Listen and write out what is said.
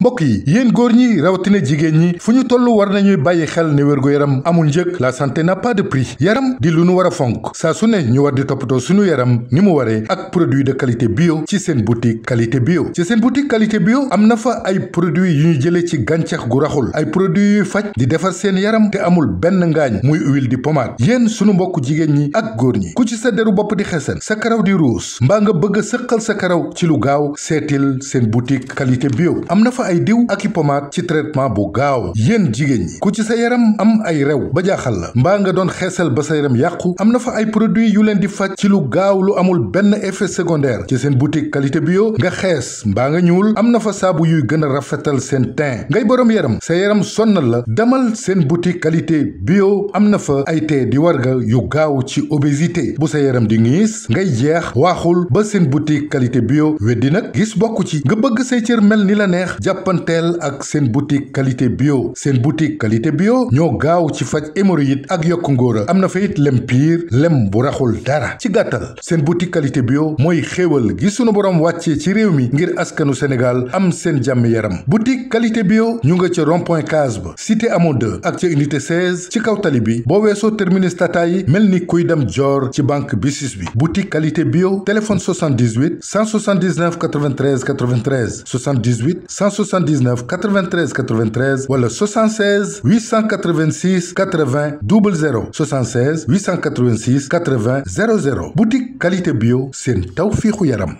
mbokk yi yéen góor ñi rawatina jigéen ñi fu ñu toll war nañuy bàyyi xel ne wérgu yaram amul njëg la santé n'a pas de prix yaram di lu nu war a fonk saa su ne ñu war di toppatoo suñu yaram ni mu waree ak produit de qualité bio ci seen boutique qualité bio ci seen boutique qualité bio am na fa ay produit yu ñu jëlee ci gàncax gu raxul ay produit yuy faj di defar seen yaram te amul benn ngaañ muy huile di pomade yéen sunu mbokk jigéen ñi ak góor ñi ku ci sa deru bopp di xesen sa karaw di ruus mbaa nga bëgg sa karaw ci lu gaaw seetil seen boutique qualité bio am fa ay diw ak pomade ci traitement bu gaaw yeen jigéen ñi ku ci sa yaram am ay rew ba jaaxal la mbaa nga doon xeesal ba sa yaram yàqu am na fa ay produit yu leen di faj ci lu gaaw lu amul benn effet secondaire ci seen boutique qualité bio nga xees mbaa nga ñuul am na fa saabu yuy gën a rafetal seen teint ngay borom yaram sa yaram sonn la demal seen boutique qualité bio am na fa ay tee di warga yu gaaw ci obésité bu sa yaram di ngiis ngay jeex waaxul ba seen boutique qualité bio weddi nag gis bokku ci nga bëgg say cër mel ni la neex jàpp jàppanteel ak sen boutique qualité bio Sen boutique qualité bio ñoo gaaw ci faj hémorroïde ak yok ngóora amna na fa it lem bu raxul dara ci gàttal sen boutique qualité bio moy xewal gi sunu borom wacce ci réew mi ngir askanu Sénégal am Sen jàmm yaram boutique qualité bio ñu nga ci rond-point case cité amon 2 ak ci unité 16 ci kaw tali bi bo weesoo terminus tata yi mel kuy dem jor ci banque bisis bi boutique qualité bio téléphone 78 179 93 93 78 179 79 93 93 voilà 76 886 80 00 76 886 80 00 boutique qualité bio c'est une